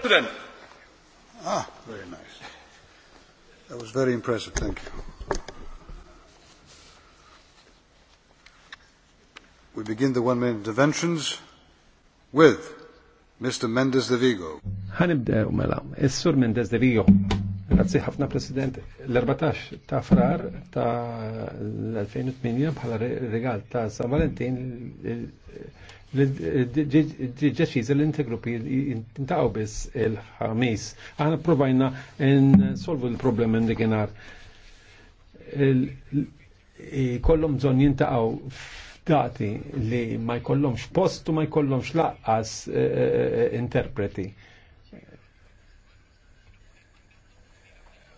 President. Ah, very nice. That was very impressive, thank you. We begin the one-minute interventions with Mr. Mendes de Vigo. Ħanibdew mela, is-Sur Mendes de Vigo. Grazzi ħafna President, l-14 ta' frar ta' l-2008 bħala regal ta' San Valentin ġeċiż l-intergruppi jintaqgħu biss il-ħamis. Aħna provajna solvu l n li kienar. zon bżonn f dati li ma jkollhomx post ma jkollhomx laqqas eh, eh, eh, interpreti.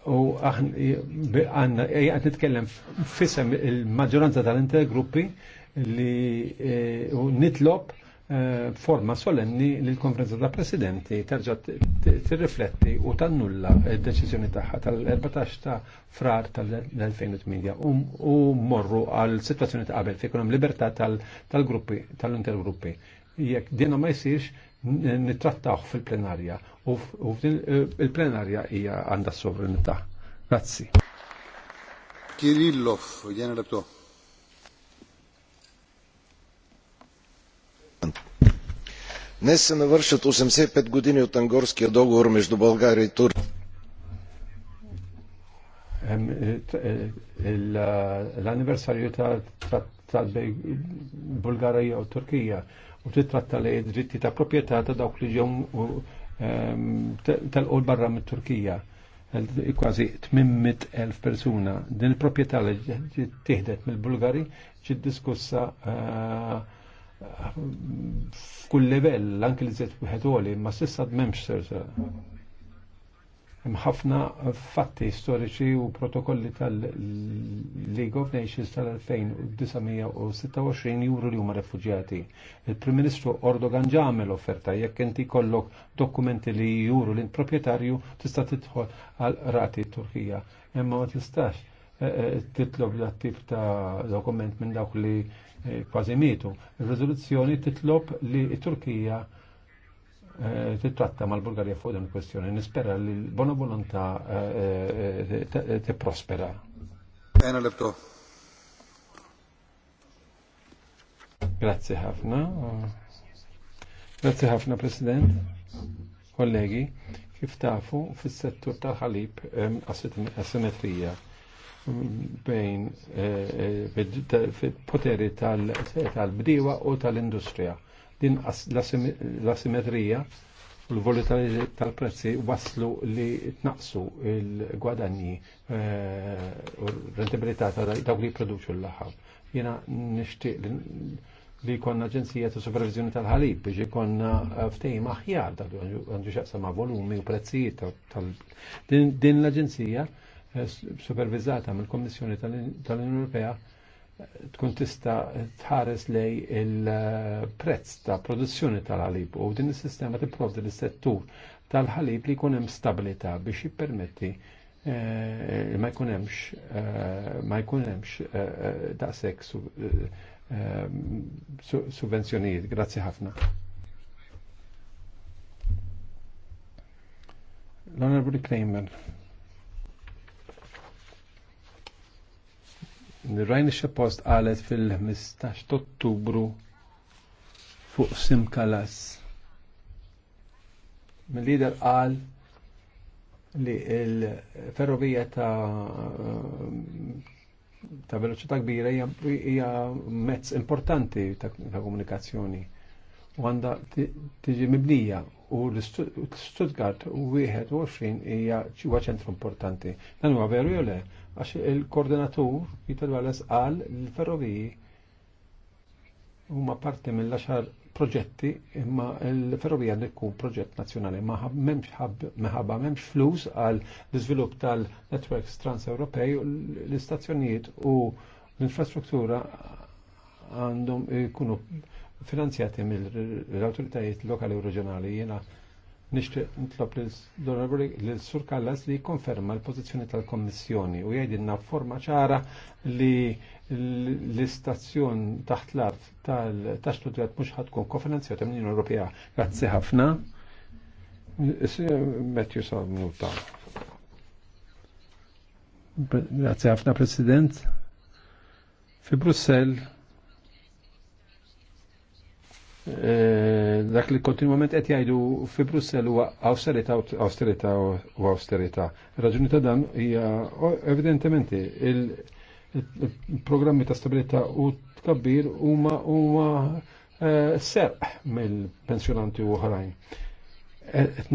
U għanna, għanna nitkellem fissem il-maġġoranza tal-intergruppi li e, u nitlob e, forma solenni li l-konferenza ta' presidenti terġa tirrifletti u tannulla d-deċiżjoni tagħha tal-14 ta' frar tal-2008 u morru għal situazzjoni ta' qabel fejn hemm libertà tal-gruppi tal-intergruppi. Jekk dina ma jsirx nittrattawh fil-plenarja u il-plenarja hija għandha s-sovranità. Grazzi. Kirillov, l-abtu. Днес се навършат 85 години от Ангорския договор между България и Турция. L-anniversarju ta Bulgarija u Turkija u titratta li dritti ta' proprjetà ta' dawk li ġom tal-qol barra mit turkija kważi 800.000 persuna. Din il-proprjetà li tieħdet mill-Bulgari ġid diskussa f'kull livell, anke li zed wieħed ma s'issa m'hemmx sersa. Hemm ħafna fatti storiċi u protokolli tal-League of Nations tal-2926 juru li huma refuġjati. Il-Prim Ministru Ordogan ġamel offerta jekk inti kollok dokumenti li juru l-proprjetarju tista' tidħol għal rati Turkija. Imma ma tistax Eh, eh, titlob l tip ta' dokument minn dawk li eh, kważi mitu. Il-rezoluzzjoni titlob li Turkija titratta mal-Bulgarija fuq din il-kwestjoni. Nispera li l-bona volontà tiprospera. Ena lebto. Grazie ħafna. Grazie ħafna, President, kollegi. Kif tafu, fis-settur tal-ħalib asimetrija bejn eh, eh, poteri tal-bdiwa u tal-industrija. Din l-asimetrija u l-volatilità tal-prezzi waslu li tnaqsu il-gwadanji eh, u rentabilità ta' dawk li produċu l laħab Jena nishtiq li konna ġenzija ta' supervizjoni tal-ħalib biex ikonna ftejn maħjar għandu xaqsa ma' volumi u prezzijiet tal-din l-aġenzija supervizzata mill-Kommissjoni tal-Unjoni Ewropea eh, tkun tista tħares lej il-prezz ta' produzzjoni tal-ħalib u din is-sistema tipprovdi l-settur tal-ħalib li jkun hemm stabilità biex jippermetti eh, ma jkun hemmx eh, ma jkun hemmx daqshekk subvenzjonijiet. Grazzi ħafna. L-Honorable Kramer. Rajni post għalet fil-15 ottubru fuq Simkalas. Mill-lider qal li il-ferrovija ta' ta' veloċità kbira hija mezz importanti ta' komunikazzjoni u għandha tiġi mibnija u l-Stuttgart 21 hija huwa ċentru importanti. Dan huwa veru jew le, għax il-koordinatur Peter Wallace qal l-ferroviji huma parti mill-għaxar proġetti imma l-ferrovija għandek ikun proġett nazzjonali ma memx meħabba memx flus għal l-iżvilupp tal-networks trans-Ewropej l-istazzjonijiet u l-infrastruttura għandhom ikunu finanzjati mill-autoritajiet lokali u reġjonali jiena nixtieq nitlob lil Sur Kallas li jikkonferma l-pożizzjoni tal-Kommissjoni u jgħidilna forma ċara li l-istazzjon taħt l-art tal-studjat mhux ħadkun kofinanzjata mill-Unjoni Ewropea. Grazzi ħafna. Matthew Salmuta. Grazie ħafna President. Fi Brussell Eh, dak li kontinuament qed jgħidu fi Brussell huwa austerità austerità u austerità. Raġuni ta' dan hija evidentement il-programmi ta' stabilità u tkabbir huma huma eh, serq mill-pensjonanti u oħrajn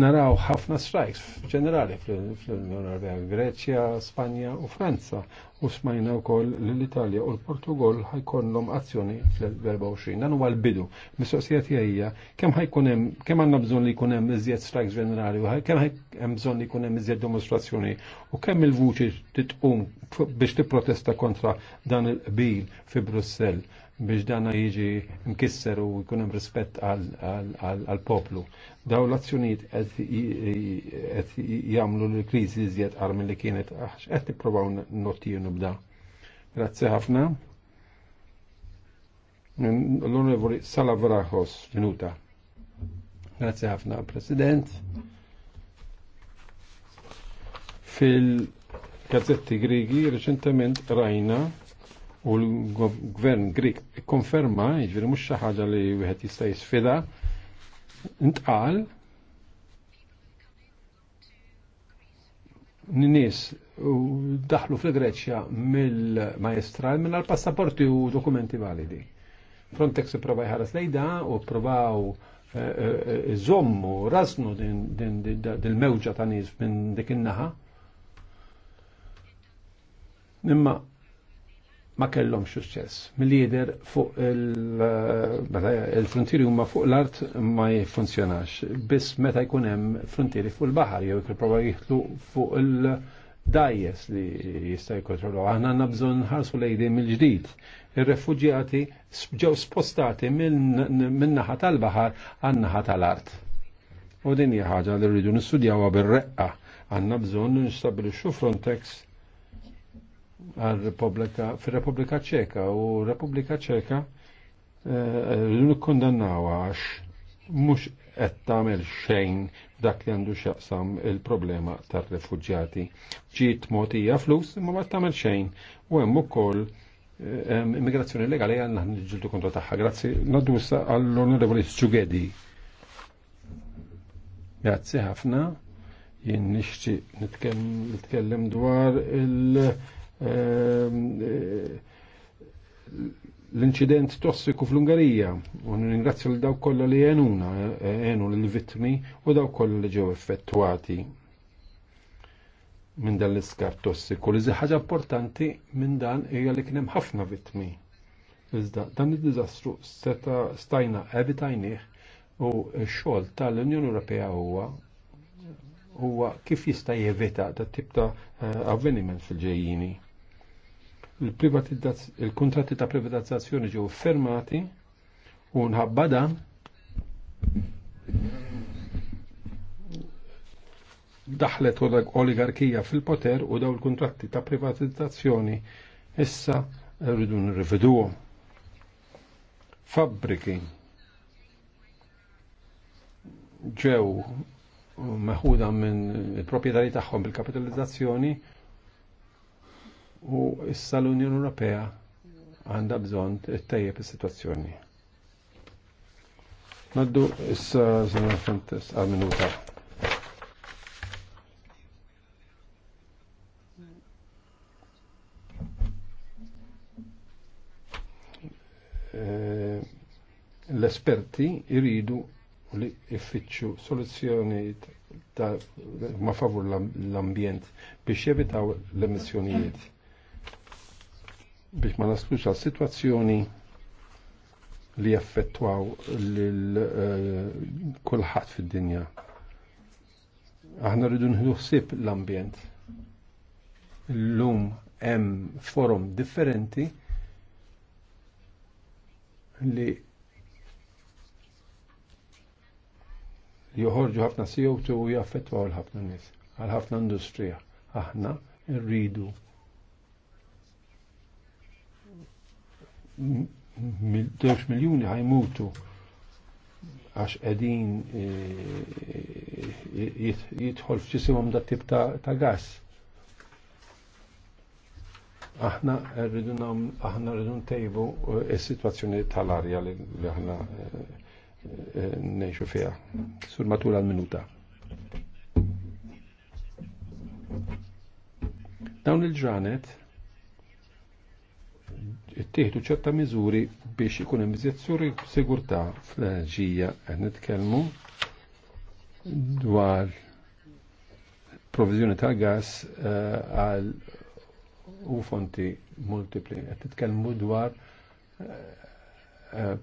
naraw ħafna strikes ġenerali fl-Unjoni Ewropea, Greċja, Spanja u Franza u smajna wkoll l-Italja u l-Portugal ħajkollhom azzjoni fl-24. Dan huwa l-bidu. Mis-soqsija hija kemm ħajkun hemm kemm għandna bżonn li jkun hemm iżjed strikes ġenerali u kemm hemm bżonn li jkun hemm iżjed demonstrazzjoni u kemm il-vuċi titqum biex tipprotesta kontra dan il-qbil fi Brussell biex dana jiġi mkisser u jkun hemm rispett għall poplu Daw l azzjoniet qed jagħmlu l krizi zjed qar li kienet qed tippruvaw nottiju b'da. Grazzi ħafna. L-Onorevoli Sala Vrahos, minuta. Grazzi ħafna, President. Fil-gazzetti Grigi recentement rajna u l-gvern Grik konferma, jiġri mux xaħġa li wieħed jista' jisfida, ntqal nis u daħlu fil-Greċja mill-majestral minn għal passaporti u dokumenti validi. Frontex prova jħaras lejda u provaw zommu, rasnu din mewġa ta' nis minn dik in-naħa. Imma ma kellhom suċċess. Mill-lider fuq eh, il-frontieri huma fuq l-art ma jfunzjonax. Biss meta jkun hemm frontieri fuq il-baħar jew jipprova jitlu fuq il-dajjes li jista' jkontrollaw. Aħna għandna bżonn ħarsu lejdi mill-ġdid. Ir-refuġjati ġew spostati min-naħa tal-baħar għan-naħa tal-art. U din hija ħaġa li rridu nistudjawha bir-reqqa. Għandna bżonn nistabilixxu Frontex għal-Repubblika, fil-Repubblika ċeka u Repubblika ċeka eh, l-kondannawa għax mux qed tagħmel xejn dak li għandu xaqsam il-problema tar refuġġjati Ġiet mogħtija flus imma ma tagħmel xejn u hemm ukoll eh, immigrazzjoni legali għandna ġiltu kontra tagħha. Grazzi, naddu għall-Onorevoli Sġugedi. Grazzi ħafna. Jien nixtieq nitkellem dwar il- Ehm, eh, l-inċident tossiku fl-Ungarija u ningrazzja l daw kollha li jenuna eh, għenu l-vittmi u daw kollha li ġew effettuati minn dan l-iskar tossiku. Li ħaġa importanti minn dan hija li kien hemm ħafna vittmi. Iżda dan id-diżastru seta stajna evitajnieh u x-xogħol tal-Unjoni Ewropea huwa huwa kif jista' jevita dat tip ta' eh, avveniment fil-ġejjini il-kontratti ta' privatizzazzjoni ġew fermati u nħabba dan daħlet oligarkija fil-poter u daw il-kontratti ta' privatizzazzjoni issa rridu nirrividuhom. Fabbriki ġew meħuda minn il-proprjetari tagħhom bil-kapitalizzazzjoni u issa l-Unjoni Ewropea għandha bżonn ittejjeb is-sitwazzjoni. Naddu issa żmien fentes għal minuta. Eh, l-esperti iridu li iffiċċu soluzzjoni ma favur l-ambjent biex jevitaw l-emissjonijiet biex ma naslux għal situazzjoni li jaffettwaw lil eh, kulħadd fid-dinja. Aħna rridu nħidu ħsieb l-ambjent. L-lum hemm forum differenti li joħorġu ħafna CO2 u jaffettwaw l-ħafna nies, għal ħafna industrija. Aħna rridu 2 miljoni ħajmutu għax edin e, e, e, jitħol fċisimum da tip ta' gas. Aħna rridu aħna rridu tejbu il-situazzjoni tal-arja li aħna neħxu fija. Sur matul għal-minuta. Dawn il-ġranet ttieħdu ċerta miżuri biex ikun hemm iżjed sigurtà fl-enerġija qed nitkellmu dwar provizjoni ta' gas eh, għal u fonti multipli. Qed titkellmu dwar eh,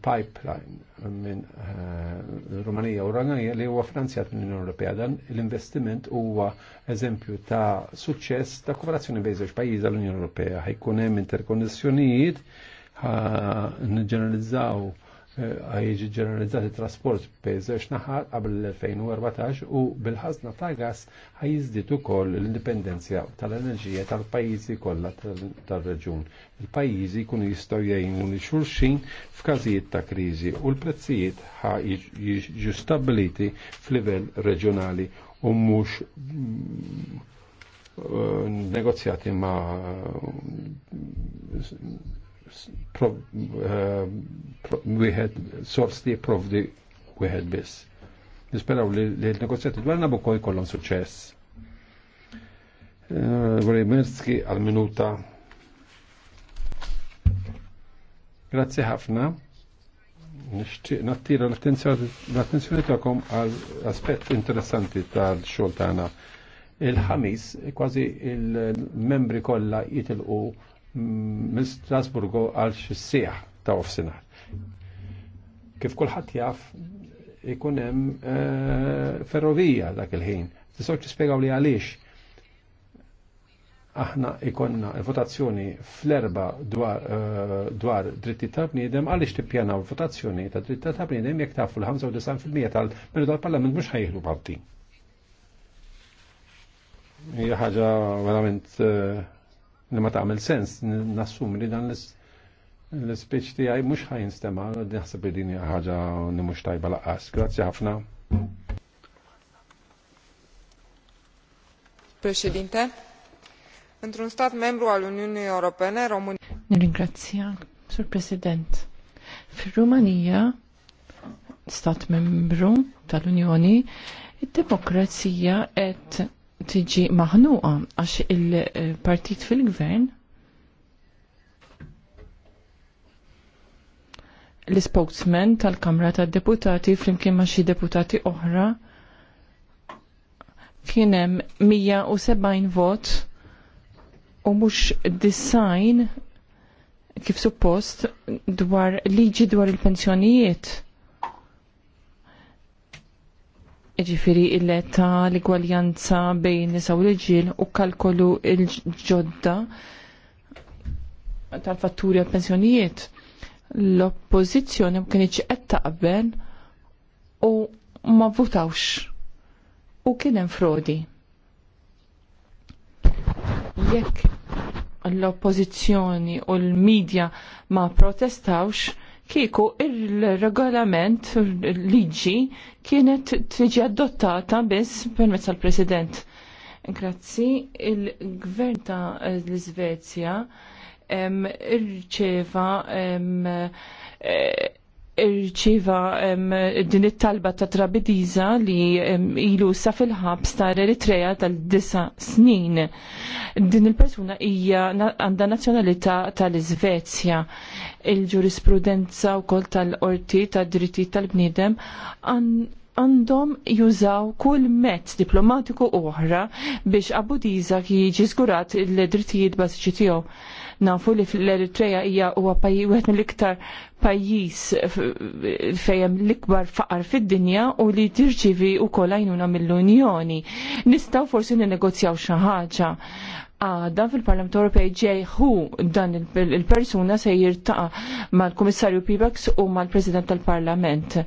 pipeline minn eh, Rumanija u Rumanija li huwa finanzjat minn l-Unjoni Ewropea. Dan l-investiment huwa eżempju ta' suċċess ta' kooperazzjoni bejn żewġ pajjiżi tal unjoni Ewropea. Ħajkun hemm interkonnessjonijiet, nġeneralizzaw Eh, ħajġi ġeneralizzati trasport bejżex naħar qabel l-2014 u bil-ħazna ta' gas għajizditu ukoll l-indipendenzja tal-enerġija tal-pajjiżi kollha tal-reġun. Il-pajjiżi jkunu jistgħu jgħinu li xulxin f'każijiet ta' kriżi u l-prezzijiet ħajġu stabiliti f'livell reġjonali u mhux mm, eh, negozjati ma' Ehm, wieħed sors li jipprovdi wieħed biss. Nisperaw li l-negozjati dwarna dwar kollon suċess. suċċess. Eh, Mirski għal minuta. Grazie ħafna. Nixtieq nattira l-attenzjoni tagħkom għal aspett interessanti tal-xogħol tagħna. Il-ħamis kważi il-membri kollha jitilqu minn Strasburgu għal xissieħ ta' ofsinar. Kif kulħadd jaf ikun hemm eh, ferrovija dak il-ħin. Tisoċ tispjegaw li għaliex aħna ikonna votazzjoni fl-erba dwar, eh, dwar dritti ta' bniedem għaliex tippjanaw votazzjoni ta' dritti ta' bniedem jekk tafu l-95% tal-menu tal-parlament mhux ħajħlu parti. Hija ħaġa verament eh, li ma tagħmel sens nassum li dan l-speech mux ħajn stema, naħseb li din ħaġa li mux tajba laqqas. Grazzi ħafna. Președinte, într-un stat membru al unjoni Europene, România... Nirringrazzja, Sur President. Fir-Rumanija, stat membru tal-Unjoni, id-demokrazija et tiġi maħnuqa għax il-partit fil-gvern l-spokesman tal-Kamra tad-Deputati flimkien ma' xi deputati oħra kien hemm 170 vot u mhux design kif suppost dwar liġi dwar il-pensjonijiet ġifiri il-letta l-igwaljanza bejn nisa u l-ġil u kalkolu il-ġodda tal-fatturi għal pensjonijiet l-oppozizjoni mkienieċ qed taqbel u ma votawx u kien hemm frodi. Jekk l-oppozizjoni u l-medja ma protestawx, kieku il-regolament, il liġi kienet tiġi adottata biss permezz tal-President. Grazzi, il-gvern ta' l-Svezja irċeva e, irċiva din it-talba ta' Trabidiza li ilu sa fil-ħabs ta' Eritrea tal-disa snin. Din il-persuna hija għandha nazzjonalità tal-Iżvezja. Il-ġurisprudenza wkoll tal-qorti tad-dritti tal-bniedem għandhom jużaw kull mezz diplomatiku oħra biex Abu Diza jiġi zgurat il-drittijiet bażiċi tiegħu. Nafu li l-Eritrea hija huwa wieħed mill-iktar pajjiż fejn l-ikbar faqar fid-dinja u li tirċivi wkoll għajnuna mill-Unjoni. Nistgħu forsi ninegozjaw xi ħaġa għada fil-Parlament Ewropej ġejħu dan il-persuna se jirtaqa mal-Kummissarju Pibax u mal-President tal-Parlament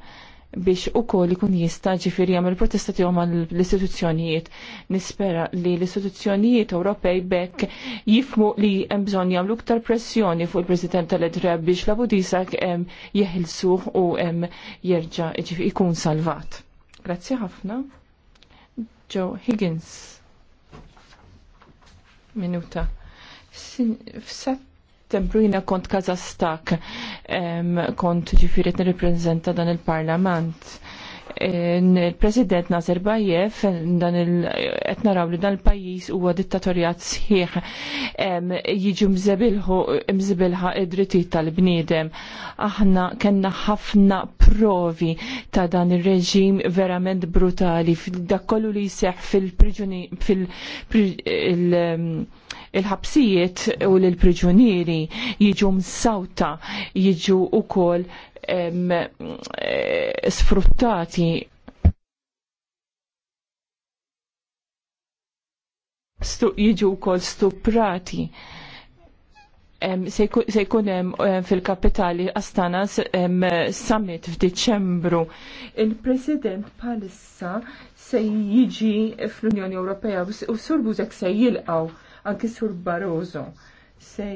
biex u kol ikun jista ġifiri għamil protesta tiegħu ma l-istituzzjonijiet. Nispera li l-istituzzjonijiet Ewropej bekk jifmu li hemm bżonn jagħmlu iktar pressjoni fuq il-President tal-Edreb biex la Budisak jeħilsuh u jerġa' ikun salvat. Grazzi ħafna. Joe Higgins. Minuta. F'Settembru jina kont Kazastak kont ġifiri t-reprezenta dan il-parlament il-President Nasir Bajjev dan il naraw li dan il-pajjiż huwa dittatorjat sħiħ jiġu mżebilħu mżebilħa id-drittijiet tal-bniedem. Aħna kellna ħafna provi ta' dan ir-reġim verament brutali dak kollu li jseħħ fil-priġuni fil il-ħabsijiet u l-priġunieri jiġu msawta jiġu ukoll Eh, sfruttati stu, jiġu wkoll stuprati se jkun hemm fil-kapitali Astana summit f'Diċembru. Il-President palissa se jiġi fl-Unjoni Ewropea u Sur Buzek se jilqaw anki Sur Barroso se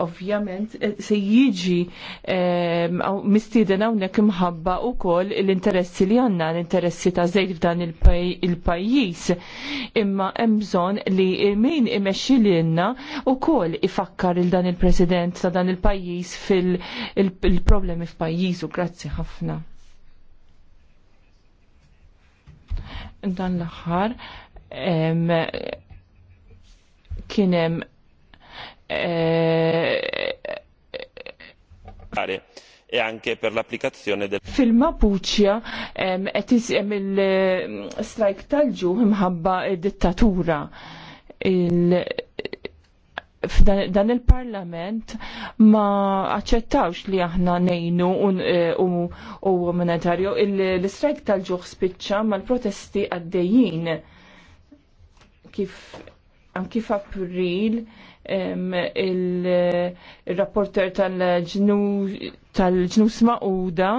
ovvjament eh, se jiġi ehm, mistieden hawnhekk imħabba wkoll l-interessi li għandna, l-interessi ta' żejr f'dan il-pajjiż. Imma hemm bżonn li min imexxi lilna wkoll ifakkar il dan il-President ta' dan il-pajjiż fil-problemi f'pajjiżu. Grazzi ħafna. Dan l-aħħar ehm, kienem e anche per l'applicazione del Fil-Mapuċja qed isem il-strajk tal-ġu imħabba dittatura. Dan il-Parlament ma aċċettawx li aħna nejnu u monetarju l strike tal-ġuħ spiċċa mal-protesti għaddejjin kif anki f'April il-rapporter tal-ġnus ma'uda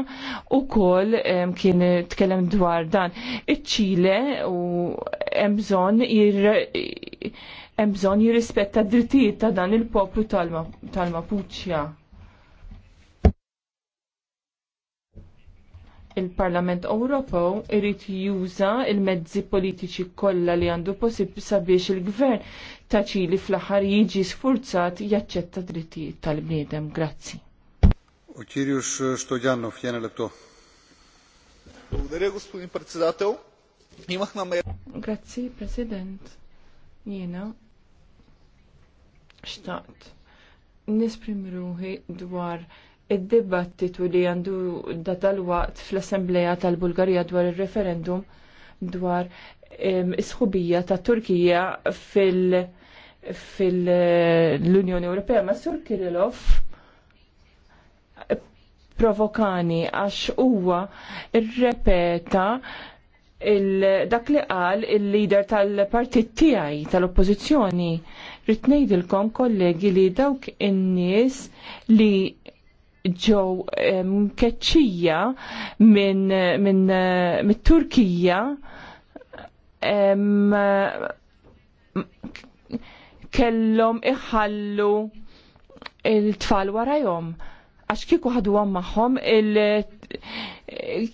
u kol kien tkellem dwar dan. Iċ-ċile u emżon emżon jirrispetta d-drittijiet ta' dan il-poplu tal-Mapuċja. il-Parlament Ewropew irid juża il-mezzi politiċi kollha li għandu possib sabiex il-Gvern ta' Ċili fl-aħħar jiġi sfurzat jaċċetta drittijiet tal-bniedem. Grazzi. U Kirjus Stojanov, jena lebto. Grazzi, President. Jena. Xtaqt. Nisprimi ruħi dwar id-dibattitu li għandu da tal-waqt fl-Assembleja tal-Bulgarija dwar il-referendum dwar isħubija ta' Turkija fil- unjoni Ewropea ma' Sur Kirillov provokani għax huwa rrepeta dak li qal il-lider tal-partit tiegħi tal-oppożizzjoni rid ngħidilkom kollegi li dawk in-nies li ġew mkeċċija minn min, min turkija kellhom iħallu il-tfal warajhom għax kieku ħadu għam maħħom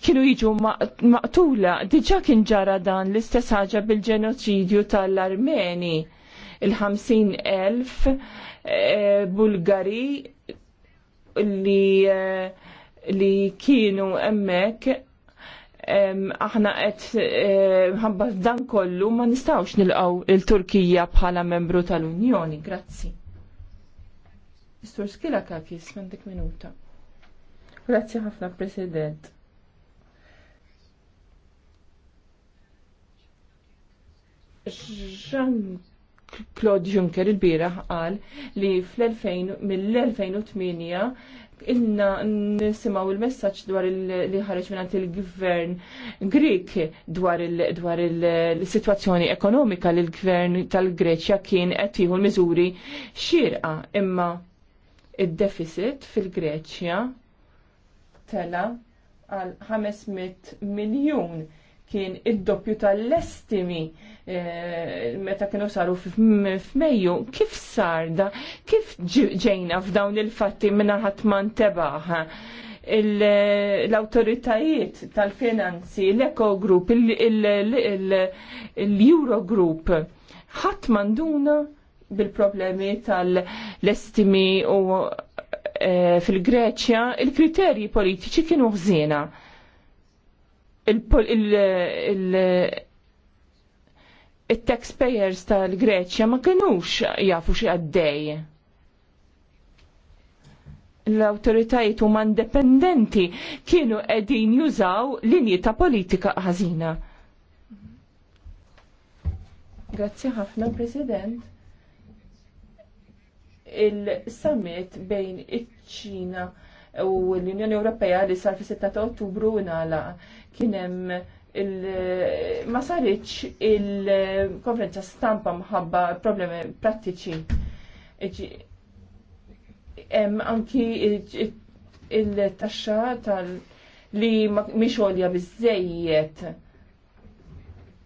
kienu jiġu maqtula. Diġa kien ġara dan l-istess ħaġa bil-ġenoċidju tal-Armeni. Il-50.000 eh, Bulgari li eh, li kienu emmek aħna qed eh, ħabba dan kollu ma nistgħux nilqgħu il-Turkija bħala membru tal-Unjoni. Grazzi. Istur skila kakis, m'għandek minuta. Grazzi ħafna, President. Jean Claude Juncker il-bira qal li fl 2008 inna nisimaw il-messagġ dwar li ħareġ minnant il-gvern Grik dwar il-situazzjoni ekonomika li l-gvern tal-Greċja kien qed jieħu l-miżuri xirqa imma id-deficit fil-Greċja tela għal 500 miljun kien id-doppju tal-estimi eh, meta kienu saru f'Mejju, kif sarda, kif ġejna f'dawn il-fatti minna ħatman tebaħ l-autoritajiet tal-finanzi, l-Eco Group, l-Euro Group, ħadd manduna bil-problemi tal-estimi u eh, fil-Greċja, il-kriterji politiċi kienu ħżiena il-taxpayers tal-Greċja ma kienux jafu xi għaddej. L-autoritajiet huma indipendenti kienu qegħdin jużaw linji ta' politika ħażina. Grazzi ħafna, President. Il-summit bejn iċ-Ċina il u l-Unjoni Ewropea li sar fis-6 ta' Ottubru ngħalaq kien hemm ma saritx il-konferenza stampa mħabba problemi prattiċi. Hemm anki il-taxxa tal- li mhix għolja biżejjed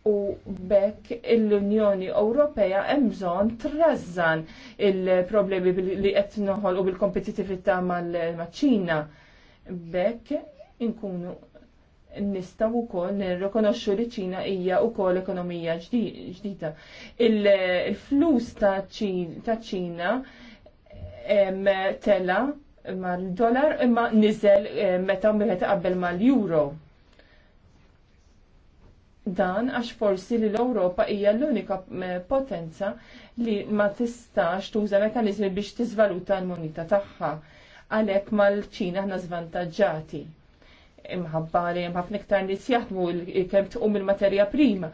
u bekk l-Unjoni Ewropea hemm bżonn trażżan il-problemi li qed u bil-kompetittività mal-Ċina. Bekk inkunu nistgħu ukoll nirrikonoxxu li ċina hija wkoll ekonomija ġdida. Il-flus ta' ċina tela mal-dollar imma niżel meta wieħed qabel mal-euro dan għax forsi li l-Ewropa hija l-unika eh, potenza li ma tistax tuża mekanizmi biex tiżvaluta l-munita tagħha għalhekk mal-Ċina aħna żvantaġġati. Imħabba li hemm ħafna iktar nies jaħdmu kemm tqum il-materja prima,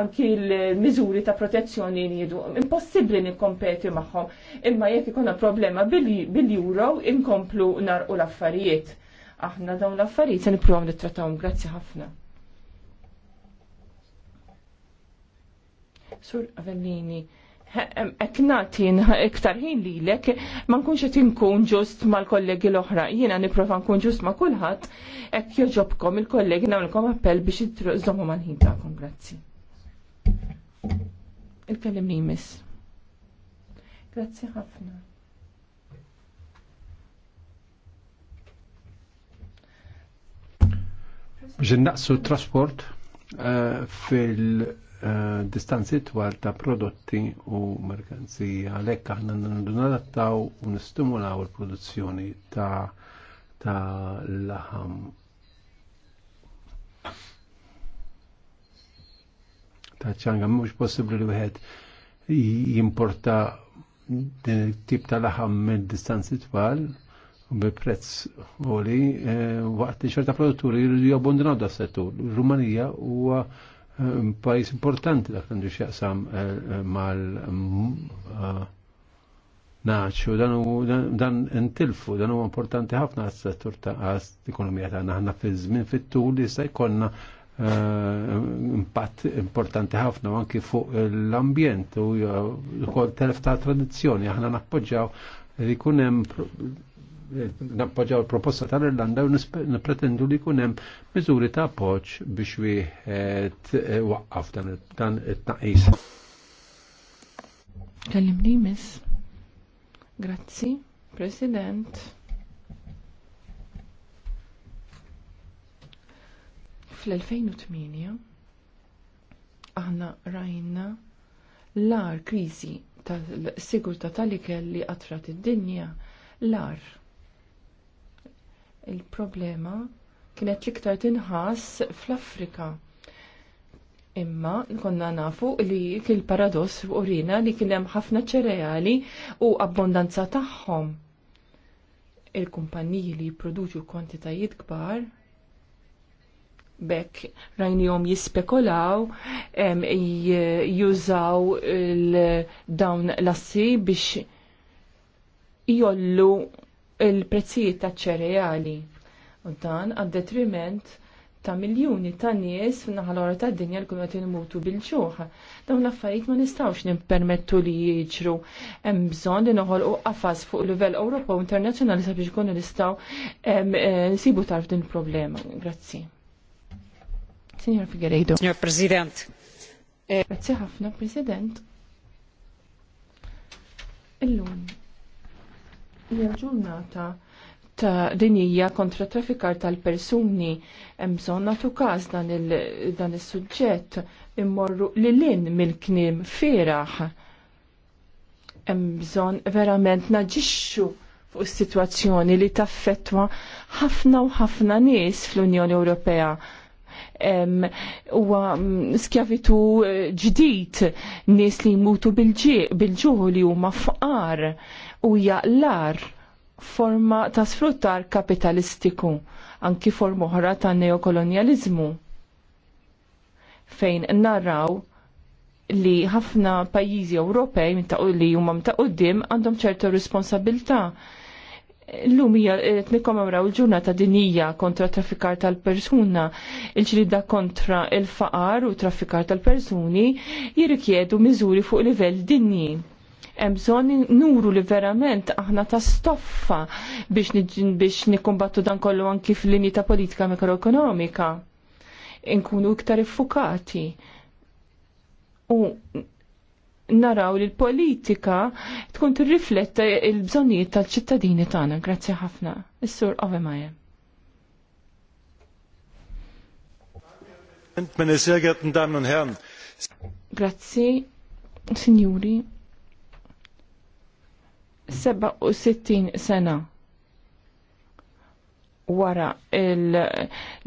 anki l-miżuri ta' protezzjoni jiedu. Impossibbli nikkompeti magħhom, imma jekk ikunna problema bil-euro inkomplu narqu l-affarijiet. Aħna dawn l-affarijiet se nippruhom nittrattawhom. Grazzi ħafna. Sur Avellini, etnatin iktar ħin li lek, ma nkunx qed inkun ġust mal-kollegi l-oħra. Jiena nipprova nkun ġust ma' kulħadd, hekk joġobkom il-kollegi nagħmilkom appell biex iżommu mal-ħin tagħkom. Grazzi. Il-kellim li jmiss. Grazzi ħafna. Biex naqsu trasport eh, fil- Eh, distanzi twal ta' prodotti u merkanzija għalhekk aħna nadattaw u nistimulaw il-produzzjoni ta' ta' laħam ta' ċanga mhux possibbli li wieħed jimporta din tip ta' laħam minn distanzi twal bi prezz għoli eh, waqt li xorta produtturi li jobbondinaw da' settur. Rumanija huwa Um, pajis importanti dak għandu xjaqsam eh, eh, mal mm, ah, naċu, dan intilfu, dan huwa importanti ħafna għas-settur ta' għas-ekonomija ta' naħna fil-żmien fit-tul li sa' jkollna eh, impatt importanti ħafna anki fuq l-ambjent u jkoll telf ta' tradizzjoni aħna nappoġġjaw li jkun hemm nappoġġaw proposta tal-Irlanda u nipretendu li jkun hemm miżuri ta' appoġġ biex wieħed eh, waqqaf dan it taqis Kellimni miss. Grazzi, President. Fl-2008 aħna rajna l-ar krizi tal-sigurta tal-ikel li għatrat id-dinja l-ar il-problema kienet liktar tinħas fl-Afrika. Imma konna nafu li kil paradoss urina li kienem ħafna ċereali u abbondanza tagħhom. Il-kumpaniji li jipproduċu kwantitajiet kbar bekk rajnijom jispekolaw, jużaw dawn l-assi biex jollu il-prezzijiet ta' ċereali. U dan għad detriment ta' miljuni ta' nies f'naħalora ta' dinja li kunu qed mutu bil-ġuħ. Dawn l-affarijiet ma nistgħux nippermettu li jiġru. Hemm bżonn li u qafas fuq livell Ewropa u internazzjonali sabiex ikunu nistgħu eh, nsibu tarf din il-problema. Grazzi. Signor Figueiredo. Signor President. Grazzi ħafna, President. Illum Hija ġurnata ta' dinija kontra traffikar tal-persuni hemm bżonn nagħtu każ dan is-suġġett immorru lilin mill-kniem fieraħ. Hemm bżonn verament naġixxu fuq is-sitwazzjoni li taffettwa ħafna u ħafna nies fl-Unjoni Ewropea huwa mm, skjavitu eh, ġdid nies li jmutu bil ġuħ li huma fqar huja l-ar forma ta' sfruttar kapitalistiku, anki form oħra ta' neokolonializmu. Fejn narraw li ħafna pajjiżi Ewropej minn ta' li huma ta' qudiem għandhom ċertu responsabilità. Llum hija qed nikkommemoraw il-ġurnata dinija kontra traffikar tal-persuna, il-ġrida kontra il-faqar u traffikar tal-persuni jirrikjedu miżuri fuq livell dinji hemm bżonn nuru li verament aħna ta' stoffa biex biex nikkumbattu dan kollu anki fil-linji ta' politika mikroekonomika. Inkunu iktar effukati. U naraw li l-politika tkun tirrifletta il-bżonnijiet tal-ċittadini tagħna. Grazzi ħafna. Is-sur Ove Meine sehr geehrten Damen und Herren. Grazie, signori. 67 sena wara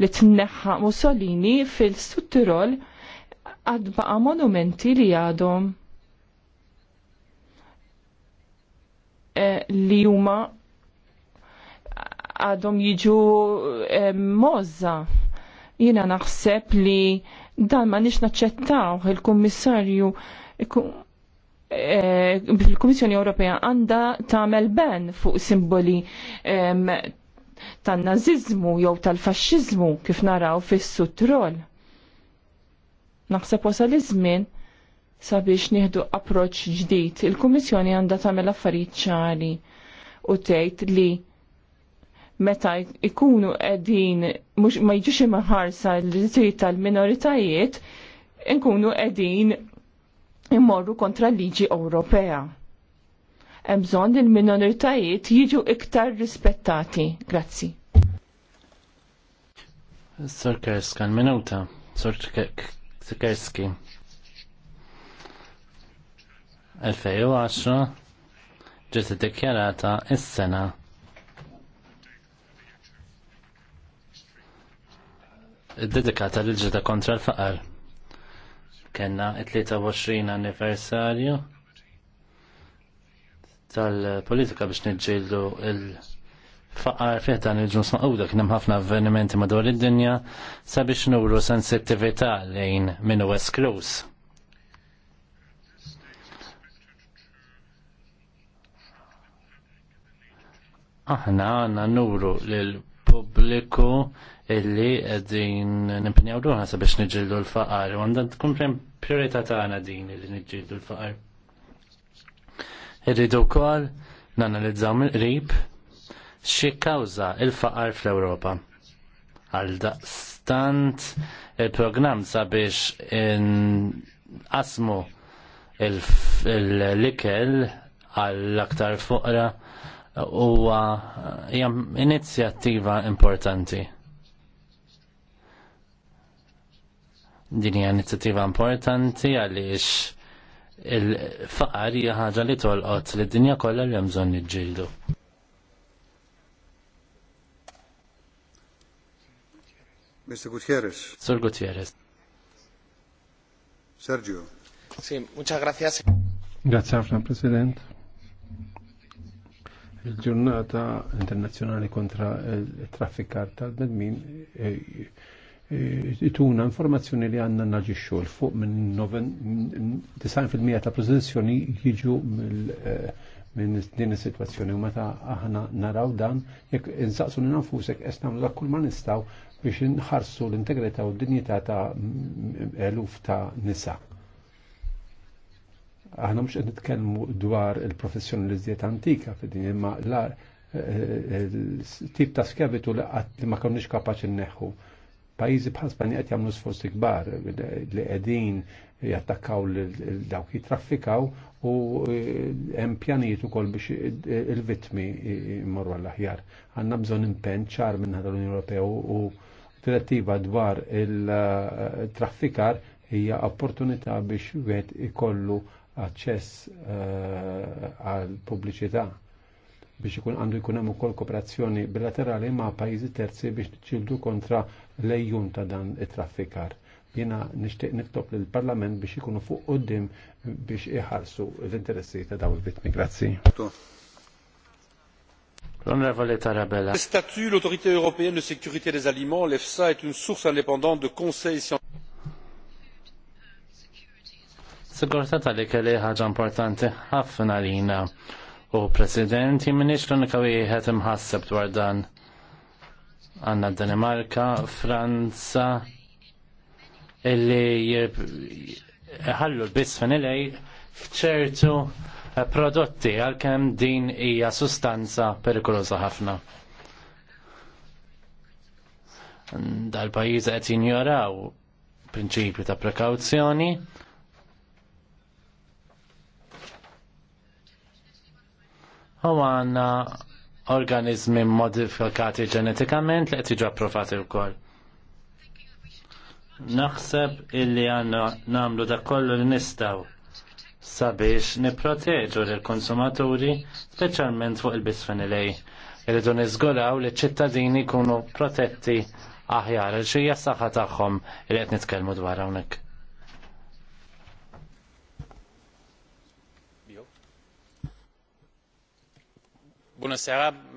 li tneħħa Mussolini fil-Suttirol għadbaqa monumenti li għadhom eh, li huma għadhom jiġu eh, mozza. Jina naħseb li dan ma nix naċċettaw il-kummissarju Eh, il-Kummissjoni Ewropea għandha tagħmel ben fuq simboli tan-naziżmu jew tal-faxxiżmu kif naraw fis-sutrol. Naħseb wasal iż-żmien sabiex nieħdu approċċ ġdid. Il-Kummissjoni għandha tagħmel affarijiet ċari u tgħid li meta ikunu qegħdin mhux ma jiġux imħarsa l-dritt tal-minoritajiet, inkunu qegħdin immorru kontra liġi Ewropea. Hemm bżonn minoritajiet jiġu iktar rispettati. Grazzi. Sor Kerskan, minuta. Sor Kerski. għaxra ġeti dekjarata s-sena dedikata l ġeda kontra l-faqar kena 23 anniversarju tal-politika biex nġildu il-faqar fieta nil-ġun smaqawda kienem ħafna avvenimenti madwar id-dinja sabiex nuru sensittivita lejn minnu esklus. Aħna għanna nuru lil pubbliku illi qegħdin nimpinjaw ruħna sabiex nġildu l-faqar. U għandha tkun priorità tagħna din illi nġildu l-faqar. Irridu wkoll nanalizzaw mill-qrib xi kawża il-faqar fl-Ewropa. Għal daqstant il-programm sabiex asmu il-likel għall-aktar fuqra u hija inizjattiva importanti. Din hija inizjattiva importanti għaliex il-faqar hija ħaġa li tolqot li d-dinja kollha li hemm bżonn niġġieldu. Mr. Gutierrez. Sir Gutierrez. Sergio. Sì, muchas gracias. Grazie, Presidente il-ġurnata internazzjonali kontra il-traffikar tal-bedmin e, e, e, ituna informazzjoni li għanna naġiċu l-fuq minn 90% ta' pozizjoni jiġu minn din is-sitwazzjoni u meta aħna naraw dan jekk insaqsu li nafusek qed la kull ma nistaw biex nħarsu l-integrità u d-dinjità ta' eluf ta' nisa aħna mhux qed nitkellmu dwar il-professjonalizziet antika fid-din imma l eh, eh, eh, tip ta' skevitu li ma konniex kapaċi nneħħu. Pajjiżi bħal Spanja qed jagħmlu sforzi kbar li qegħdin jattakkaw dawk jitraffikaw u hemm pjanijiet ukoll biex il-vittmi jmorru għall-aħjar. Għandna bżonn impenn ċar minn l-Unjoni Ewropea u direttiva dwar il-traffikar hija opportunità biex wieħed ikollu aċċess eh, għal pubbliċità biex ikun għandu jkun hemm ukoll kooperazzjoni bilaterali ma' pajjiżi terzi biex niċċildu kontra lejjun ta' dan it-traffikar. Jiena nixtieq nitlob lill parlament biex ikunu fuq qudiem biex iħarsu l-interessi ta' dawn il-vittmi. Grazzi. Tarabella. Le statut l'autorité européenne de sécurité des aliments, l'EFSA, est une source indépendante de conseils scientifiques. Sigurta tal kelli ħaġa importanti ħafna lina u president jimminix l-unika wieħed imħasseb dwar dan. Għanna Danimarka, Franza, illi ħallu l-bisfen il-ej fċertu prodotti għalkemm din hija sustanza perikolosa ħafna. Dal-pajjiż qed jinjoraw prinċipju ta' prekawzjoni u għanna organizmi modifikati ġenetikament li qed jiġu approvati wkoll. Naħseb illi għanna namlu da kollu li nistaw sabiex niproteġu l konsumaturi speċjalment fuq il-bisfenil Irridu niżgulaw li ċ-ċittadini jkunu protetti aħjar, xi hija s-saħħa tagħhom li qed nitkellmu dwar hawnhekk.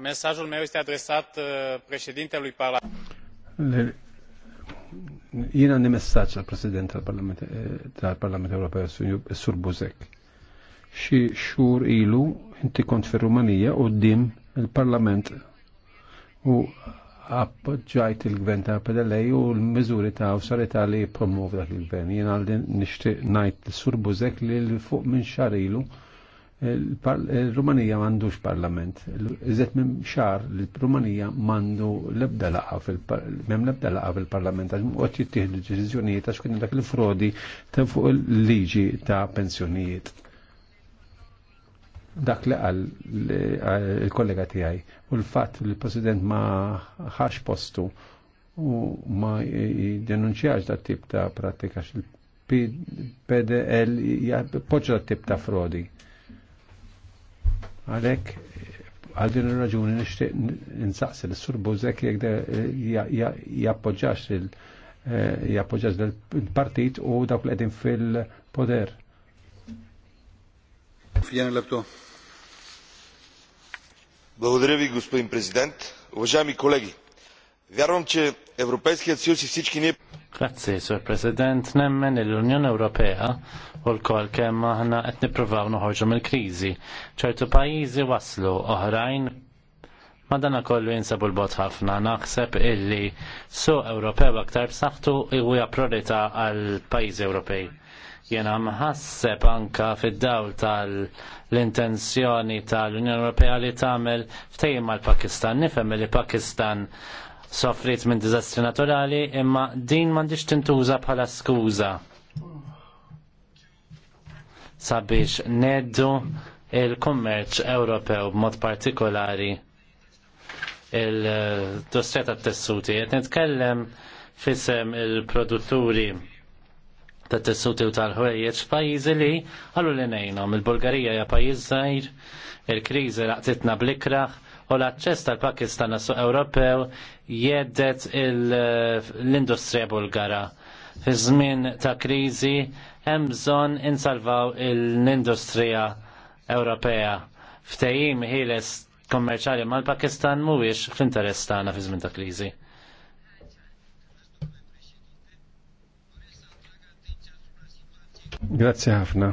mesajul meu este adresat uh, președintelui Parlamentului. Jien għandi messaġġ għal President tal-Parlament eh, Ewropew, Sur Buzek. Xi xhur ilu inti kont fir-Rumanija qudiem il-Parlament u appoġġajt il-gvern ta' PDLA u l-miżuri ta' awsarità li promuv dak il-gvern. Jien għal nixtieq ngħid sur Buzek li l fuq minn xar ilu il-Rumanija mandux parlament. Iżet minn xar li l-Rumanija mandu lebda laqa fil-mem lebda laqa fil-parlament. Għot jittihdu deċizjonijiet għax kien dak il-frodi ta' fuq il-liġi ta' pensjonijiet. Dak li għal eh, il-kollega tijaj. U l-fat li l-President ma ħax postu u ma denunċjax dat tip ta' pratika il-PDL poġġa tip ta' frodi Għalek, għal din il-raġuni nishtiq insaqsi l-sur Buzek jek jappoġġax eh, jappoġġax l-partit u dawk l edin fil-poder. Fijan l-abtu. Благодаря ви, господин президент. Уважаеми колеги, Вярвам, че Grazzi, Sur President, nemmen l-Unjoni Ewropea u l-kol kemm aħna qed nippruvaw noħorġu mill-kriżi. ċertu pajjiżi waslu oħrajn Madankollu kollu jinsabu l-bot ħafna naħseb illi su Ewropew aktar b'saħħtu huja priorità għal pajjiżi Ewropej. Jena mħasseb anka fid-dawl tal-intenzjoni tal-Unjoni Ewropea li tagħmel ftejjem mal-Pakistan. Nifhem li Pakistan soffrit minn dizastri naturali imma din m'għandix tintuża bħala skuża sabiex neddu il-kummerċ Ewropew b'mod partikolari il-dostrija ta' tessuti. Qed nitkellem fisem il-produtturi ta' tessuti u tal-ħwejjeġ pajjiżi li għallu li ngħinhom il-Bulgarija hija pajjiż żgħir, il-kriżi raqtitna blikraħ, u l-aċċess tal-Pakistan għas Ewropew jeddet l-industrija bulgara. Fizmin żmien ta' kriżi hemm bżonn insalvaw l-industrija Ewropea. Ftehim ħieles kommerċali mal-Pakistan mhuwiex fl-interess tagħna fi żmien ta' kriżi. Grazie ħafna.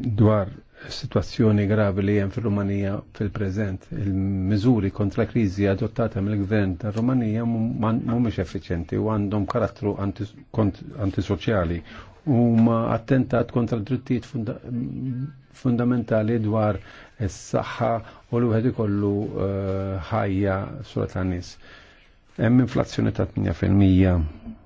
Dwar situazzjoni gravi li jem fil-Rumanija fil-prezent. Il-mizuri kontra krizi adottata mill-gvern ta' Rumanija mumiex effiċenti u għandhom karattru antisoċjali u ma attentat kontra drittijiet fundamentali dwar s-saxħa u l uħed ikollu eh, ħajja sura ta' nis. Hemm inflazzjoni ta' 8%,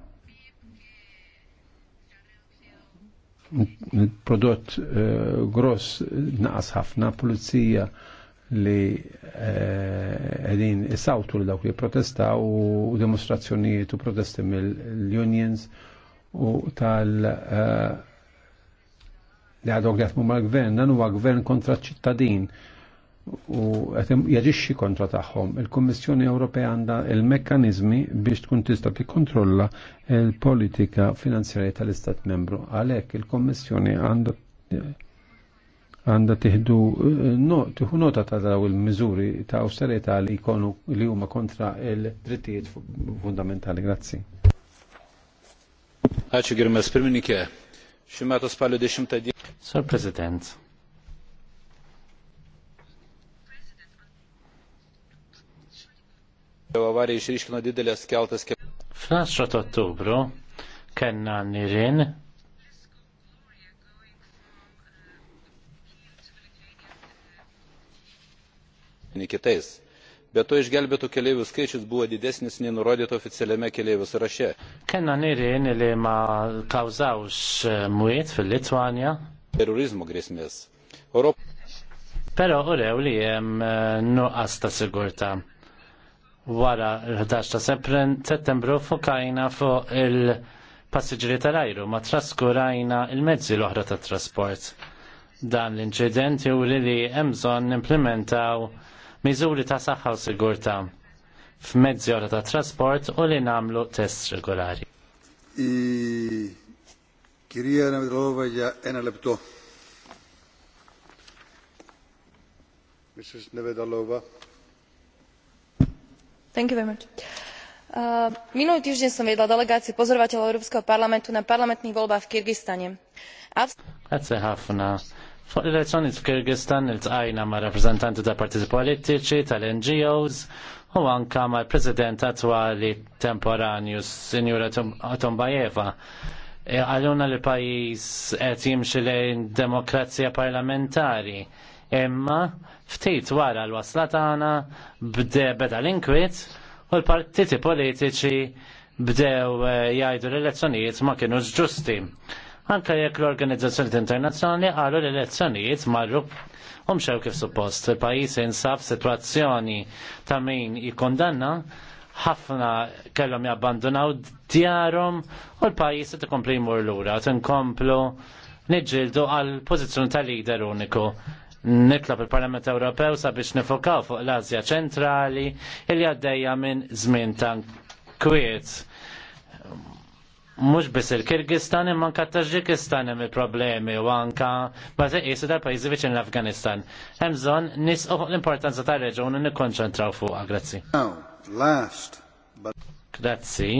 prodott eh, gross naqas ħafna pulizija li għedin eh, isawtu li dawk li protesta u demonstrazzjonijiet u protesti mill-unions u tal eh, li għadok li għatmu mal-gvern, dan huwa gvern kontra ċittadin u jaġixxi kontra tagħhom. Il-Kummissjoni Ewropea għandha il-mekkaniżmi biex tkun tista' tikkontrolla l-politika finanzjarja tal-Istat membru. Għalhekk il kommissjoni għandha għanda tiħdu eh, tiħu nota ta' daw il-miżuri ta' awsterità li jkunu li huma kontra l-drittijiet fundamentali. Grazzi. Għaxi għirmes, pirminike, ximma ta' di di. Sir President, Fl-10 ta' ottubru kellna nirien kitais. Be to išgelbėtų keleivių skaičius buvo didesnis nei nurodyta oficialiame keleivių sąraše. Kenna nirin li kauzaus muet eh, mwiet fil-Litwanja. Terrorizmu grėsmės. Europa. Pero ore, li jem eh, nuqqas ta' sigurta wara l-11 ta' settembru fokajna fuq il-passiġri tal-ajru ma traskurajna il-mezzi l-oħra ta' trasport. Dan l-inċident juri li emżon implementaw miżuri ta' saħħa u sigurta f'mezzi oħra ta' trasport u li namlu test regolari. Kirija Namidrova ja ena lepto. Mrs. Nevedalova. Thank you very much. Uh, minulý týždeň som viedla delegáciu pozorovateľov Európskeho parlamentu na parlamentných voľbách v Kyrgyzstane. Fuq l-elezzjoni f'Kyrgyzstan il-tqajna ma' rappresentanti ta' partiti politiċi, tal-NGOs u anka ma' l-president attwali temporanju, Sinjura Tombajeva. E, għaluna pajis qed jimxi lejn demokrazija parlamentari Imma ftit wara l-wasla tagħna beda l-inkwiet u l-partiti politiċi bdew eh, jgħidu l-elezzjonijiet ma kienu ġusti. Anka jekk l-organizzazzjoni internazzjonali qalu l-elezzjonijiet marru umxew kif suppost. Il-pajis insab situazzjoni ta' min jikondanna ħafna kellhom jabbandunaw djarhom u l-pajis qed ikompli jmur lura, tinkomplu niġġieldu għal pożizzjoni ta' lider uniku nitlob il-Parlament Ewropew sabiex nifokaw fuq l-Azja ċentrali il għaddejja minn żmien ta' kwiet. Mhux biss il-Kirgistan imma anke t-Taġikistan hemm il-problemi u anka bażi qisu dal-pajjiżi viċin l-Afganistan. Hemm bżonn fuq l-importanza tar-reġun u nikkonċentraw fuqha, grazzi. last. Grazzi.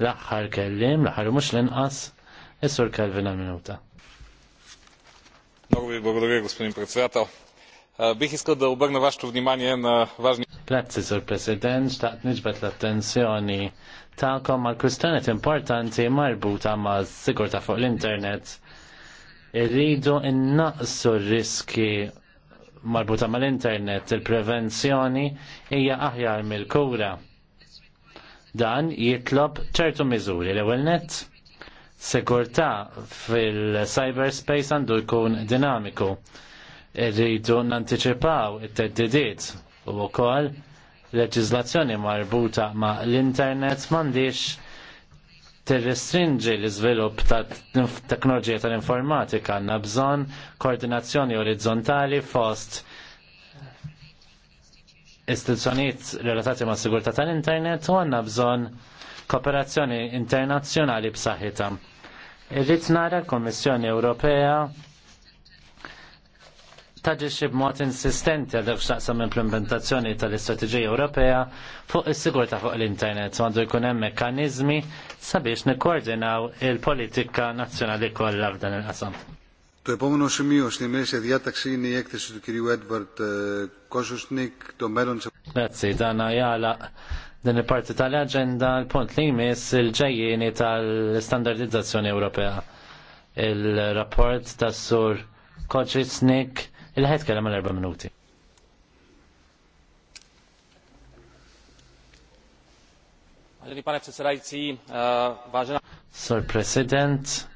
L-aħħar kellim, l-aħħar mhux l-inqas, is-Sur Kelvin għal-minuta. Много ви господин председател. Бих искал да обърна вашето внимание на важни... Grazie, Sir President, xtaqt nġbet l-attenzjoni ta'kom għal kwistjoniet importanti marbuta ma' sigurta fuq l-internet. Irridu innaqsu riski marbuta ma' l-internet, il-prevenzjoni hija aħjar mill-kura. Dan jitlob ċertu miżuri l-ewwel nett sigurtà fil-cyberspace għandu jkun dinamiku. Irridu nanticipaw it-teddidiet u wkoll leġiżlazzjoni marbuta ma' l-internet m'għandix tirrestringi l-iżvilupp ta' teknoloġija tal-informatika għandna bżonn koordinazzjoni orizzontali fost istituzzjoniet relatati ma' sigurtà tal-internet u għandna bżonn kooperazzjoni internazzjonali b'saħħitha. Irrid nara l-Kommissjoni Ewropea taġiġi b'mod insistenti għal xaqsam implementazzjoni tal-Istrateġija Ewropea fuq is-sigurta fuq l-Internet għandu jkun hemm mekkaniżmi sabiex nikkoordinaw il-politika nazzjonali kollha f'dan il-qasam. Το επόμενο σημείο στην ημερήσια διάταξη είναι η έκθεση του κυρίου Έντβαρτ Κόσουσνικ, το μέλλον της... Grazie, Dana Jala din il-parti tal-agenda l-punt li jmiss il-ġejjini tal-standardizzazzjoni Ewropea. Il-rapport tas sur Koċisnik il-ħed kellem l erba' minuti. Sir eh, President,